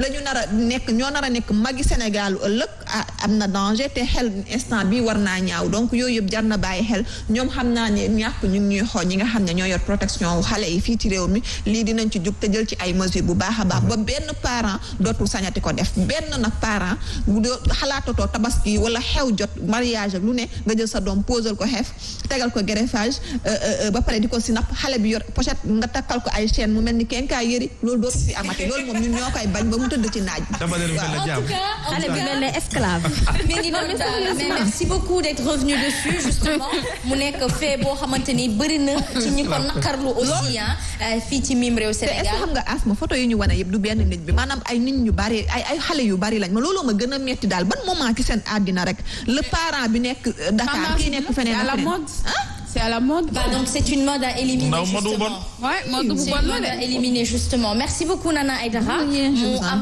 lañu nar a nekk ñoo nar a nekk magi Sénégal ëllëg Ah, am na danger te xel instant bi war naa ñaaw donc yooyu yëpp jar na bàyyi xel ñoom xam naa ne ñàkk ñu ngi ñuy xool ñi nga xam ne ñoo yor protection wu xale yi fii ci réew mi lii dinañ ci jug te jël ci ay mesures bu baax a baax ba benn parent dootul sañati ko def benn nag parent bu xalaatatoo tabaski wala xew jot mariage lu ne nga jël sa doom posal ko xeef tegal ko greffage euh, euh, euh, ba pare di ko si napp xale bi yor pochette nga takkal ko ay chaine mu mel ni kenkaay yëri loolu dootu fi amati loolu moom ñun ñoo koy bañ ba mu tëdd ci naaj esclave. Ah. mais ni loolu daal mais merci beaucoup d'être revenu dessus justement mu nekk fee boo xamante ni bëri na ci ñi ko naqarlu aussi ah fii ci mim réew Sénégal ce que xam nga asma photo yi ñu wane yëpp du benn nit bi maanaam ay nit ñu bari ay xale yu bari lañ ma looloo ma gën a metti daal ba moment ci seen addina rek le parent bi nekk euh, Dakar kii nekk feneen ak feneen la mode. Bah donc c'est une mode à éliminer justement. Ouais, mode bu bon la justement.